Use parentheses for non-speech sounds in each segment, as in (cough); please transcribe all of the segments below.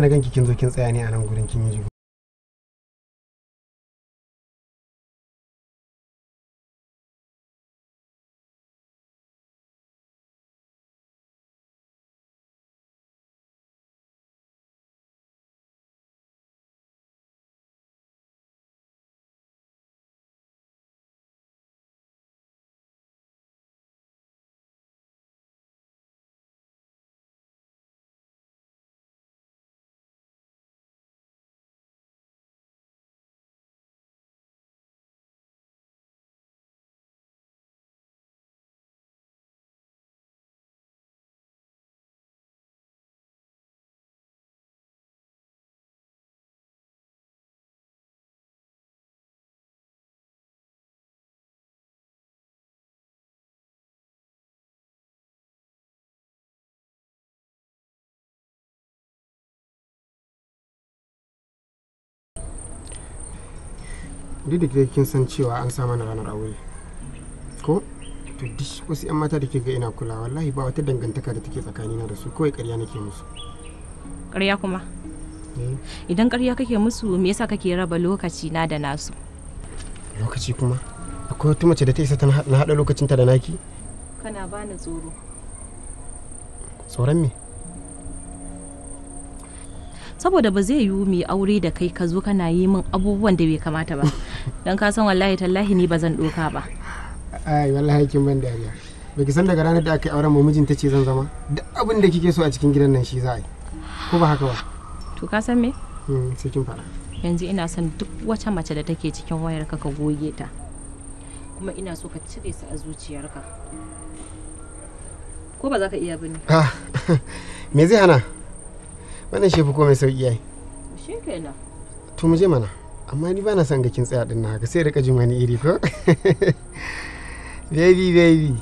ne ganki kin zo kin tsaya ne a nan gurin kin yi duk da kin san cewa an sa mana ranar aure ko to dish wasu yan mata da ke ga ina kula wallahi ba wata dangantaka da take tsakanina da su kawai ƙarya nake musu ƙarya kuma eh. idan ƙarya kake musu me yasa kake raba lokaci na da nasu lokaci kuma akwai wata mace da ta isa na haɗa lokacinta da naki kana bani tsoro tsoron me saboda ba zai yiwu mu aure da kai ka zo kana yi min abubuwan da bai kamata ba (laughs) don ka san wallahi tallahi ni ba zan doka ba ai wallahi kin ban dariya ki san daga ranar da aka yi auren mu mijinta ce zan zama duk abin da kike so a cikin gidan nan shi za a yi ko ba haka ba to ka san me hmm, sai kin fara yanzu ina son duk wata mace da take cikin wayar ka ka goge ta kuma ina so ka cire su a zuciyarka ko ba za ka iya bane ah, (laughs) me zai hana wannan shefu ko mai sauki yayi kenan to mu je mana amma ni ba na son ga tsaya din haka sai rika ji mani iri ko (laughs) baby baby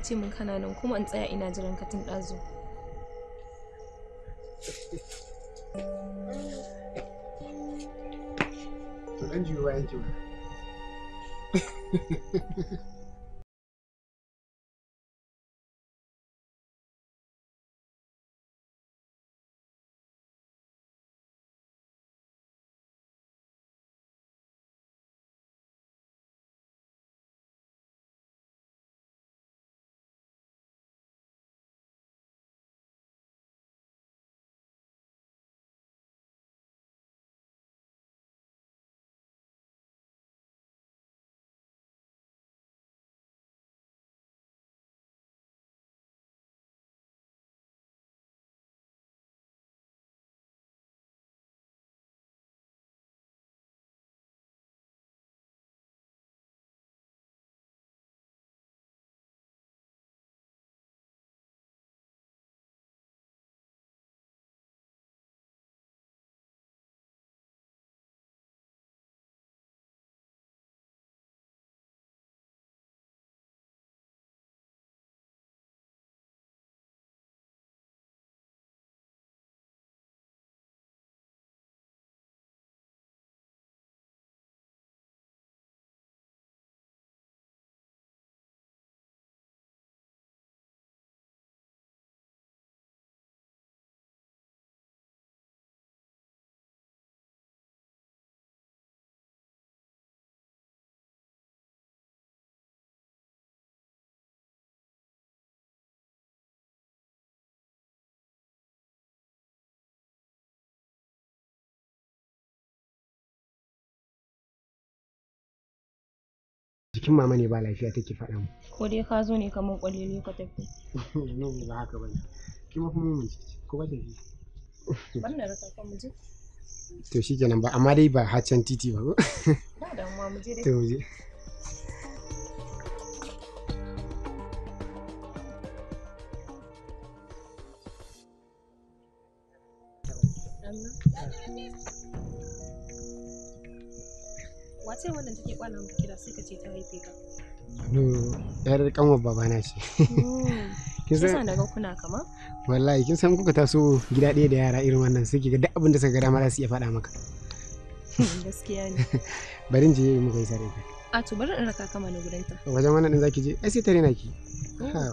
ta ce mun kana nan kuma in tsaya ina jiran katin tun ɗazu. To ɗan jiwa (laughs) cikin mama ne ba lafiya take faɗa mu ko dai ka zo ne kamar kwalele ka tafi (laughs) no ba haka bane ki ma kuma mun ciki ko ba da shi. wannan rasa ka mu je to shikenan ba amma dai ba haccan titi ba (laughs) ba da mu je dai to mu Thank you. wace wannan take kwana maka kira sai ka ce ta haife ka yar kanwar ce hmm. (laughs) kin san daga kuna kama wallahi kin san kuka taso gida ɗaya da yara irin wannan sai kiga duk abin da suka ga dama za su iya faɗa maka hmm, gaskiya ne (laughs) bari je mu sare a to bari in raka kama na ta wajen wannan din zaki je ai sai tare na ki oh.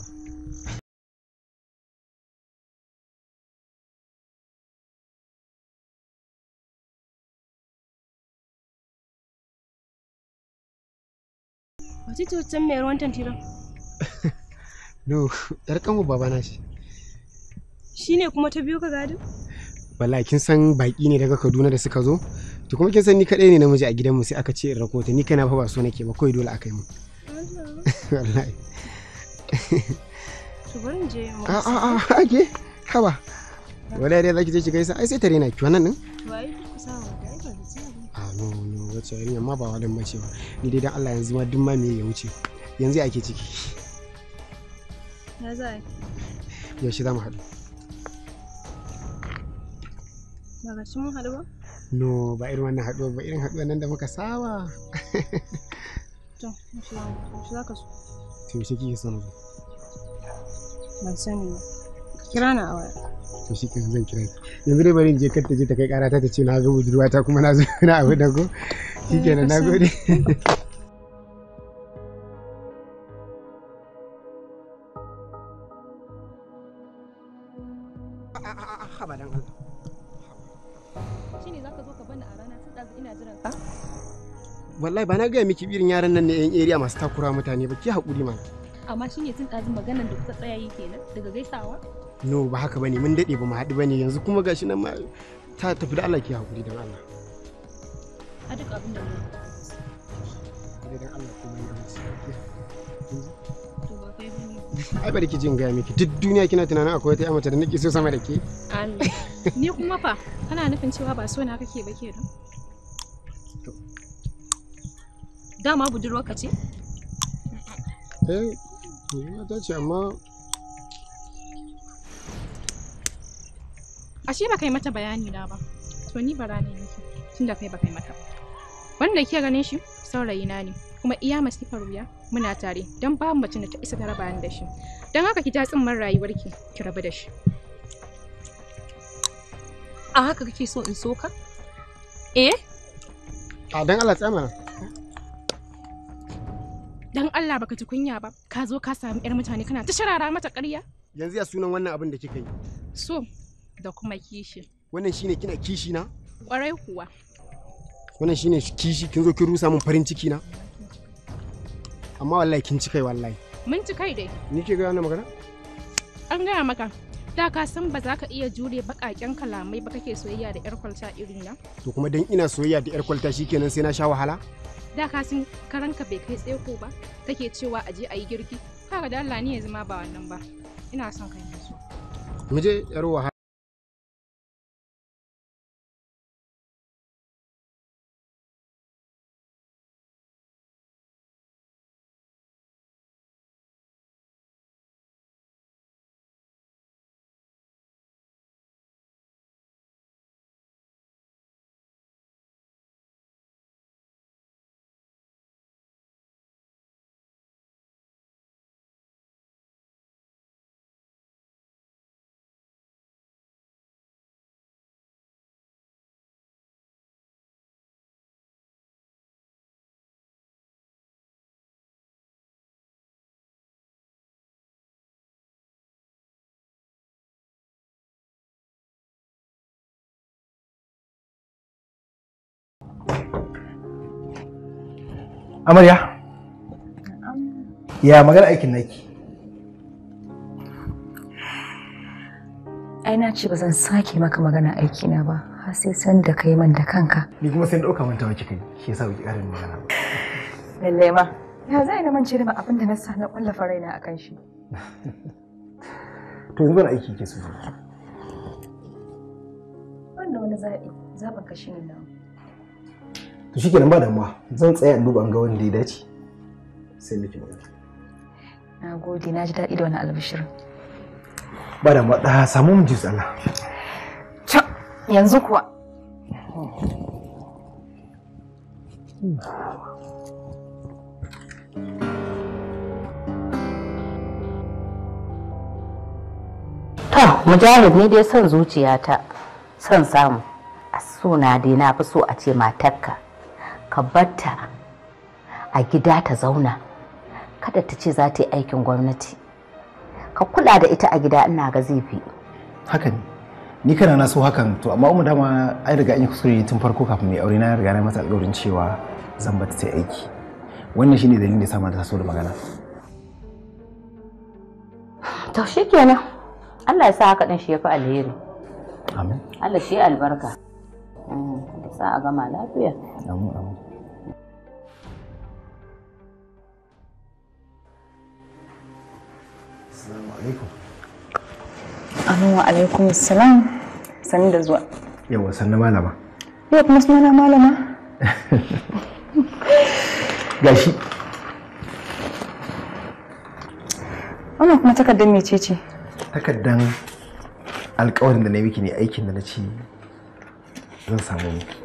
wace ce wancan mai ruwan tantiran (laughs) no yar kanmu babana Shi shine kuma ta biyu ka gadin Wala kin san baki ne daga Kaduna da suka zo to kuma kin san ni kadai ne namiji a gidanmu sai aka ce in rakota ni kana fa ba so nake ba kai dole aka yi mu wallahi to bari je a a a ake haba wallahi dai zaki je ki gaisa ai sai tare na ki wannan din wai wacce yarinya ma ba wadan bace ba ni dai dan Allah yanzu ma duk ma me ya wuce yanzu ake ciki ya haɗu ba ga mun haɗu ba no ba irin wannan haɗuwa ba irin haɗuwa nan da muka saba (laughs) to so to kike son zo ban sani ba kira na a waya to shi zan kira yanzu dai bari in je kar je ta kai karata ta ce na zo budurwa ta kuma na zo (laughs) na abu da ko shikenan ba na gaya miki irin yaran nan ne yan area masu takura mutane ba ki haƙuri mana amma shine tun ɗazin maganan da kuka tsaya yi kenan daga gaisawa no ba haka bane mun daɗe ba mu haɗu bane yanzu kuma gashi nan ma ta tafi da Allah ki haƙuri don Allah a duk abin da ne gidan Allah kuma ya wuce ai bari ki jin gaya miki duk duniya kina tunanin akwai wata mace da nake so sama da ke Allah ni kuma fa kana nufin cewa ba so na kake ba ke don dama budurwarka ce eh ta ce amma ashe ba kai mata bayani na ba to ni bara ne nake tunda kai ba kai mata ba wanda ke ganin shi na ne kuma iya masifar wuya muna tare don babu mace da ta isa ta raba da shi don haka ki ja tsimman rayuwarki ki rabu da shi a haka kake so in soka eh a dan Allah tsama dan Allah baka ji kunya ba ka zo ka sami yar mutane kana ta sharara mata ƙarya yanzu ya sunan wannan abin da kika yi so da kuma kishi wannan shine kina kishi na kwarai kuwa wannan shine kishi kin zo kin rusa min farin ciki na amma wallahi kin ci kai wallahi mun ci kai dai ni ke ga wannan magana an gaya maka da ka san ba za ka iya jure bakaken kalamai ba kake soyayya da yar kwalta irin na to kuma dan ina soyayya da yar kwalta shikenan sai na sha wahala da ka san karanka bai kai tseko ba kake cewa a je a yi girki kaga da Allah ni yanzu ma ba wannan ba ina son kai so mu je yar wahala Amarya? Ya magana aikin naki? Ai na ce ba zan sake maka magana aiki na ba, har sai san da kai man da kanka. Ni kuma sai dauka manta wa kika shi yasa ki karin magana. Lalle ma, ya zai na mance da abin da na sa na ƙwallafa raina a kan shi. To yanzu ban aiki ke so. Wannan wani zaɓi, zaɓin ka shi ne nawa. to kenan ba damuwa zan tsaya in duba an ga wanda ya dace sai miki magana na gode na ji daɗi da wani albishir ba damuwa da ah, samu mu ji Allah yanzu kuwa To, mujahid ne dai son zuciyata, son samu. A suna dai na fi so a ce matarka ka batta a gida ta zauna kada ta ce za ta yi aikin gwamnati ka kula da ita a gida ina ga zai fi haka ne ni kana na so hakan to amma umu dama ai riga in yi tun farko kafin mai aure na riga na mata alƙawarin cewa zan bata ta aiki wannan shine dalilin da ya sa mata so da magana to shikenan Allah ya sa haka din shi ya fi alheri amin Allah shi albarka mm, sa a gama lafiya amin amin Assalamu alaikum. Assalamu alaikum salam. Sani da zuwa. Yawa sanna malama. ya kuma sunana malama. (laughs) Gashi. Wannan kuma takardar mece ce? Takardar alkawarin da na yi miki ne aikin da na ce zan samu miki.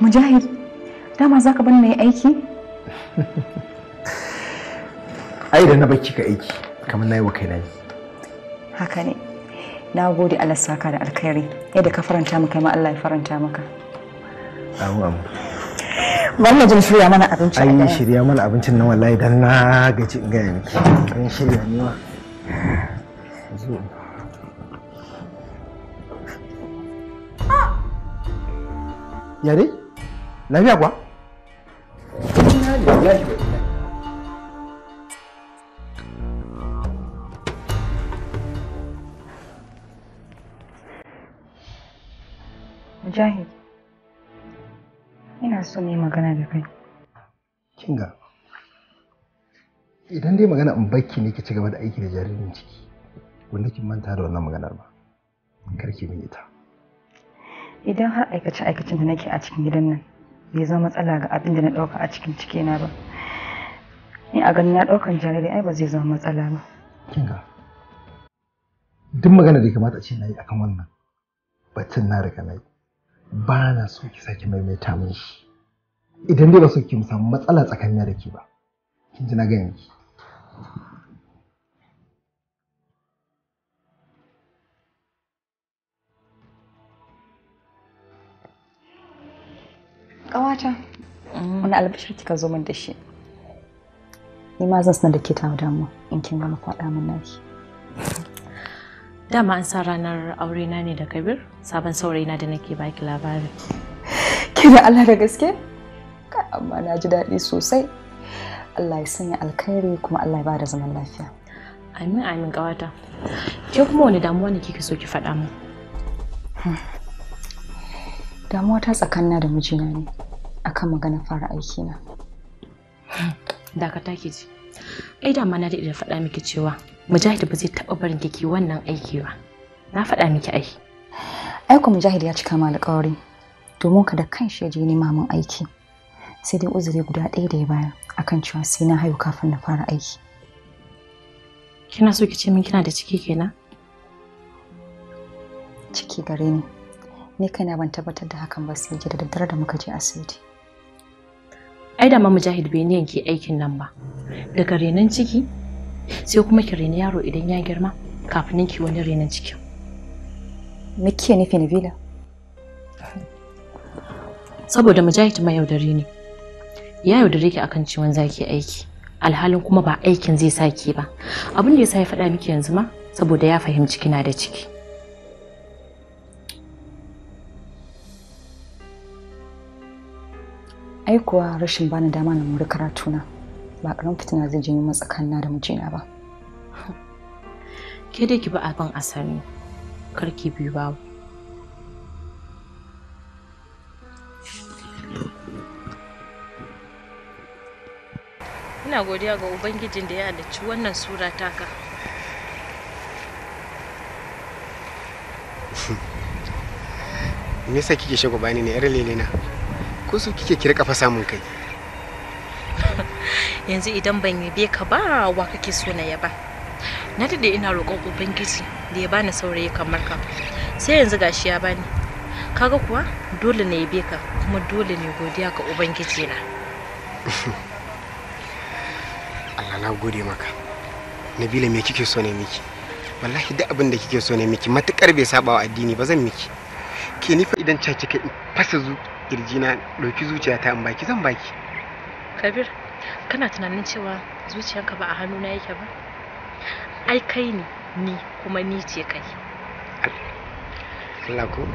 Mujahid, dama za ka bani na yi aiki? (laughs) Ai da na baki ka aiki. kamar na yi wa na yi haka ne na gode Allah saka da alkhairi yadda ka faranta maka ma Allah ya faranta maka amu amu wannan jin shirya mana abincin a ai shirya mana abincin nan wallahi dan na gaji in ga yanki kan shirya ne wa ah! yare lafiya kwa ina ne lafiya Mujahid, ina so yi magana da kai. Kinga, idan dai magana in bakki ne ki ci gaba da aiki da jaririn ciki, wanda kin manta da wannan maganar ba, karki min ita. Idan har aikace-aikacen da nake a cikin gidan nan bai zama matsala ga abin da na ɗauka a cikin na ba, ni a ganin na ɗaukan jariri ai ba zai zama matsala ba. Kinga, duk magana da ya kamata a ce na yi akan wannan, batun na riga na yi. ba na so ki sake maimaita min shi idan dai ba so ki samu matsala tsakanin da ke ba kin ji na gaya Ƙawata, mm. wani albishir kika zo min da shi. Ni ma zan sanar da ke ta damuwa in kin gama kwaɗa min nashi. Dama an sa ranar aure na ne da Kabir, sabon saurayina da nake baki labari. Ke da Allah da gaske? Amma na ji daɗi sosai. Allah ya sanya alkhairi kuma Allah ya ba da zaman lafiya. Amin amin ƙawata. Ke kuma wani damuwa ne kike so ki faɗa mu? Damuwa ta tsakanina da mijina ne akan magana fara aiki na. Dakata ki ji. Ai dama na daɗe da faɗa miki cewa Mujahid ba zai taɓa barin kiki wannan aiki ba. Na faɗa miki ai. Aiko Mujahid ya cika ma alƙawari domin ka da kan ya je nema min aiki. Sai dai uzuri guda ɗaya da ya bayar akan cewa sai na haihu kafin na fara aiki. Kina so ki ce min kina da ciki kenan? Ciki gare ni. Ni kaina ban tabbatar da hakan ba sai ji da daddare da muka je asibiti. Ai da ma Mujahid bai niyan ke aikin nan ba. Daga renon ciki sai kuma ki reni yaro idan ya girma kafin ki wani renin cikin me kike nufi Nabila saboda Mujahid ma yaudare ne ya yaudare ki akan ciwon zaki aiki alhalin kuma ba aikin zai sa ki ba abin da yasa ya faɗa miki yanzu ma saboda ya fahimci kina da ciki ai kuwa rashin bani dama na muri karatu na. ba karan fitina zai janyo na da na ba ke dai ki bi abin asali karki biyu ba. ina godiya ga ubangijin da ya halicci wannan sura taka (laughs) me yasa kike bani ne yar lelena ko so kike kirka rika fasa mun kai yanzu idan ban yabe ka ba wa kake so na yaba na daɗe ina roƙon ubangiji da ya bani saurayi kamar ka sai yanzu gashi ya bani kaga kuwa dole na yabe ka kuma dole ne godiya ga ubangiji na (laughs) Allah na gode maka Nabila me kike so ne miki wallahi duk abin da kike so ne miki matukar bai saba wa addini ba zan miki ke ni fa idan caci ka fasa zu kirjina ɗauki zuciyata in baki zan baki kabir kana tunanin cewa zuciyarka ba a hannuna yake ba ai kai ne ni kuma ni ce kai Allah ko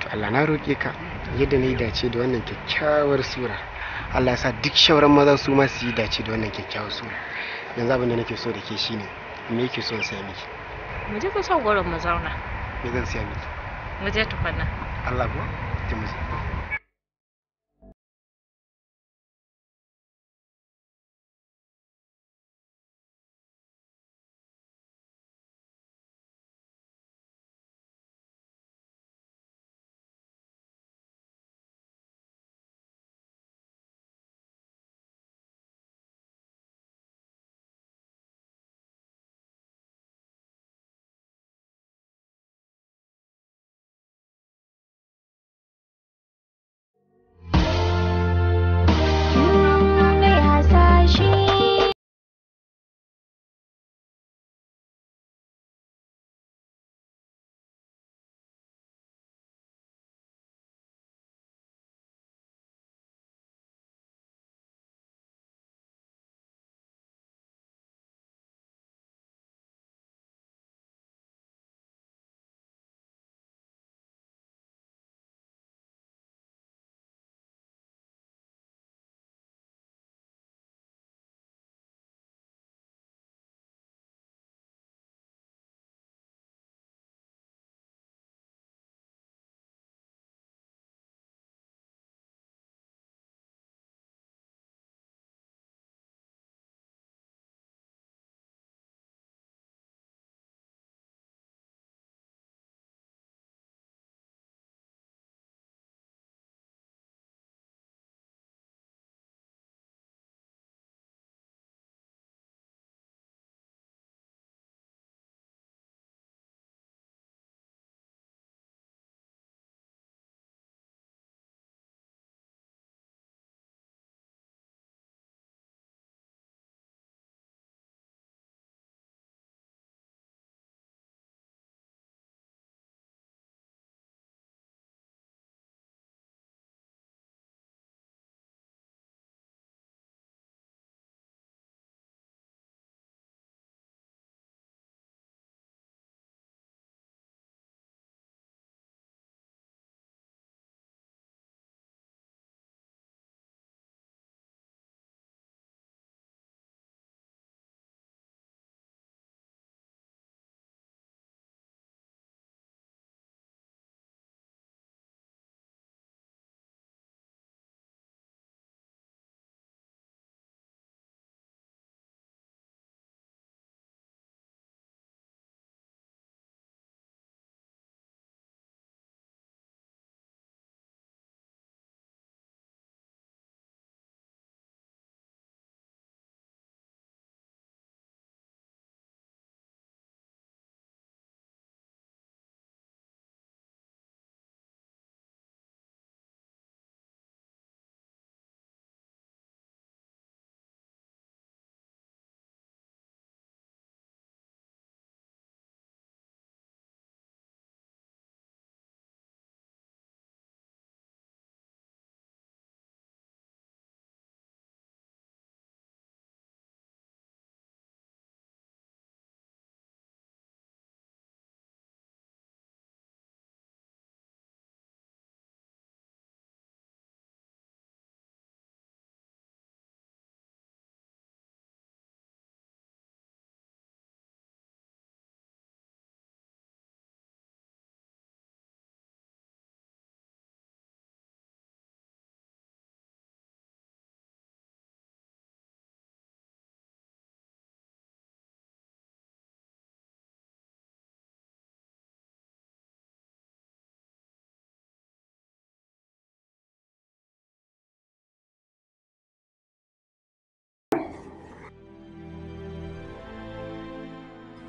to Allah na roƙe ka yadda ni yi dace da wannan kyakkyawar sura Allah ya sa duk shauran maza su ma su yi dace da wannan kyakkyawar sura yanzu abin da nake so da ke shine me yake so sai ni mu je ka sa gwaron mu zauna me zan sai ni mu je tukunna Allah ko ki mu je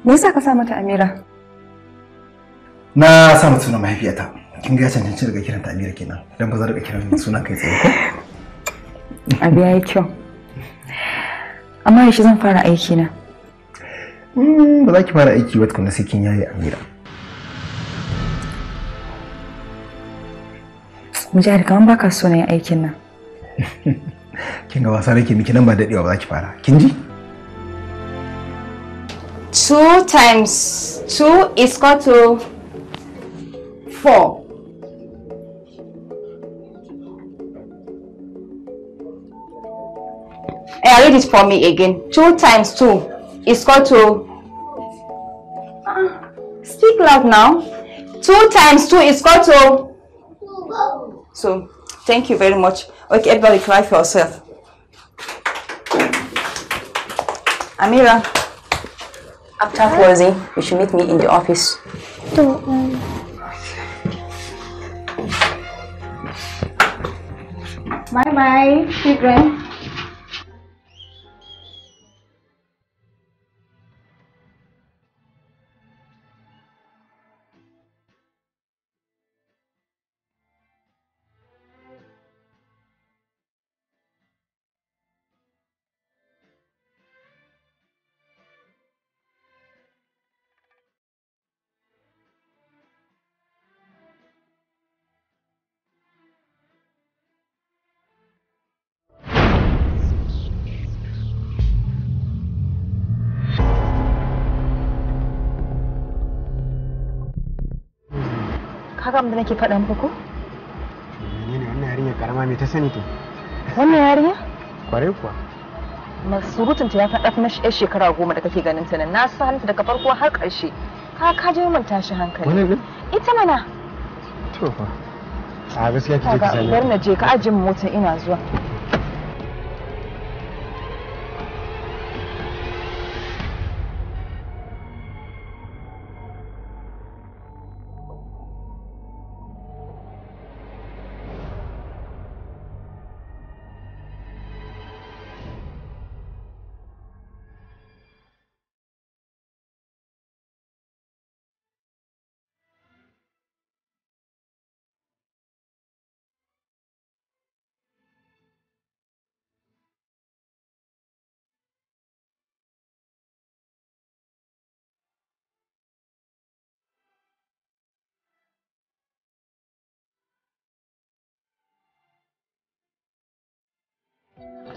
Me yasa ka sa mata Amira? Na sa mata sunan mahaifiyata. Kin ga cancanci daga kiranta Amira kenan. Dan ba za daga kiran sunan kai tsaye ko? Abi yayi kyau. Amma yaushe zan fara aiki na? Hmm, ba za ki fara aiki ba tukunna sai kin yaye Amira. Mujahid kamar baka so na yin aikin nan. (laughs) Kin ga wasa nake miki nan ba dadewa ba za ki fara. Kin ji? 2 times 2 is equal to 4. I read it for me again. 2 times 2 is equal to... Uh, speak loud now. 2 times 2 is equal to... So, thank you very much. Okay, everybody try for yourself. Amira. After closing, you should meet me in the office. Don't worry. Um, bye bye, children. kaga abin da nake faɗa muku ko menene wannan yarinya karama me ta sani to wannan yarinya kware kuwa surutun ta ya faɗa na yar shekara goma da kake ganin ta nan na san daga farko har ƙarshe ka ka je mun tashi hankali wannan ita mana to fa a gaskiya kike ki sani bar na je ka ajin mota ina zuwa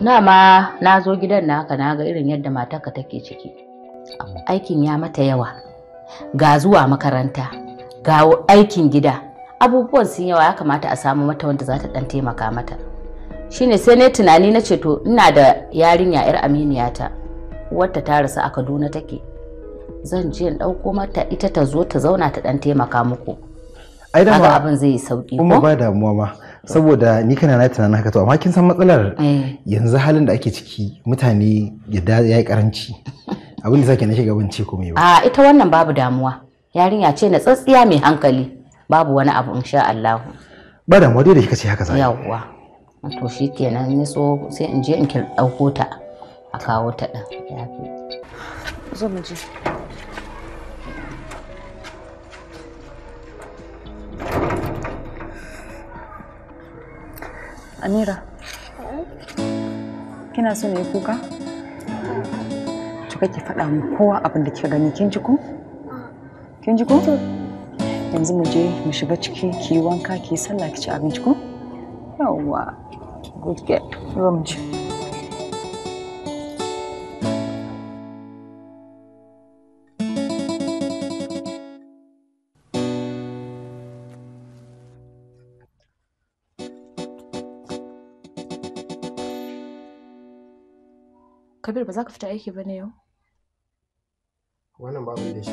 na ma na zo gidan na haka na ga irin yadda matarka take ciki aikin ya mata yawa ga zuwa makaranta ga aikin gida abubuwan sun yawa ya kamata a samu mata wanda za ta dan taimaka mata shine sai ne tunani na ceto ina da yarinya yar aminiyata wata ta rasu a kaduna take zan je in ɗauko mata ita ta zo ta zauna ta dan taimaka muku ai abin zai yi sauki ko ba ma saboda ni kana na tunanin haka to amma kin san matsalar eh. yanzu halin da ake ciki mutane ya yi karanci (laughs) abin da sake na shiga bance ce komai ba a ita wannan babu damuwa yarinya ce na tsatsiya mai hankali babu wani abu insha Allah ba damuwa dai da kika ce haka sai yawwa to shikenan ni so sai in je in ki dauko ta a kawo ta din zo mu je Amira. Kina so ne kuka? Kika ki faɗa mu kowa abin da kika gani kin ji ko? Kin ji ko? Yanzu mu je mu shiga ciki ki yi wanka ki sallah ki ci abinci ko? Yawwa. Good girl. Zo mu je. Kabir ba za ka fita aiki ba ne yau? Wannan babu da shi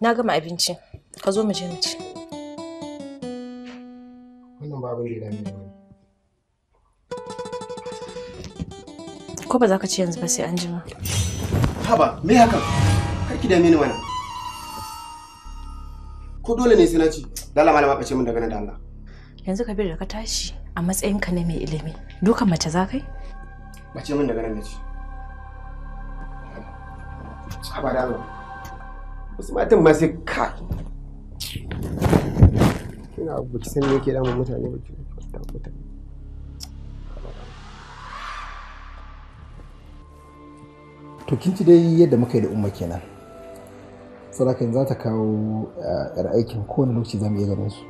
Na gama abinci. Ka zo mu je mu ci. Wannan babu da dami ne. Ko ba za ka ci yanzu ba sai an jima. Haba, me haka? Kar ki dame ni wannan. Ko dole ne sai na ci? Dala malama ka ce min daga nan da Allah. Yanzu Kabir da ka tashi. a matsayinka ne mai ilimi dukan mace za kai? Mace min daga nan na ci. Haba da Allah. Wasu matan ma sai ka. Ina abu ki san me yake damun mutane ba ki mutane. To kin ci dai yadda muka yi da umma kenan. Sarakin za ta kawo eh, 'yar aikin kowane lokaci za mu iya ganin su.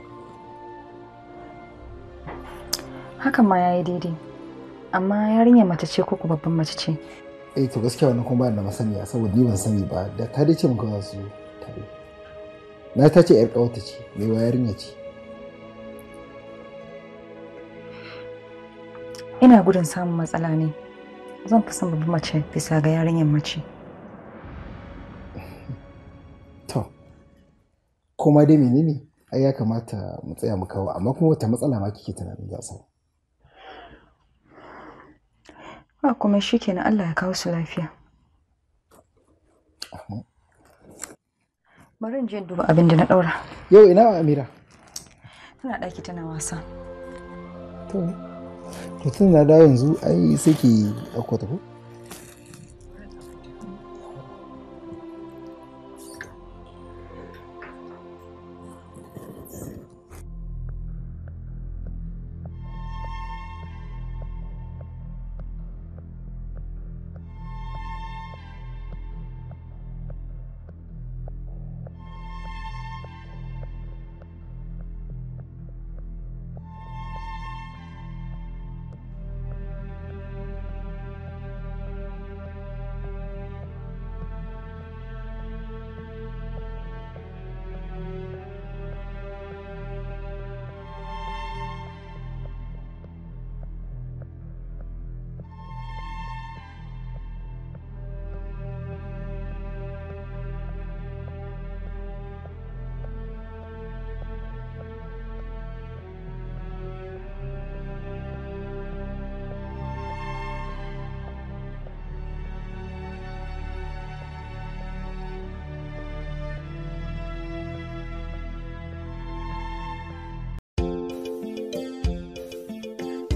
haka ma yayi daidai amma yarinya mace ce ko babban mace ce eh to gaskiya wannan kuma ba da masaniya saboda ni ban sani ba da ta dace muka za su tare na ta ce yar kawata ce mai wa yarinya ce ina gudun samun matsala ne zan fi son babban mace bisa ga yarinyar mace to kuma dai menene ai ya kamata mu tsaya mu kawo amma kuma wata matsala ma kike tunanin za samu ba kuma shi kenan Allah ya kawo su lafiya bari jiyan je duba abin da na daura yau ina amira tana ɗaki tana wasa to to da yanzu ai sai ki akwata ku.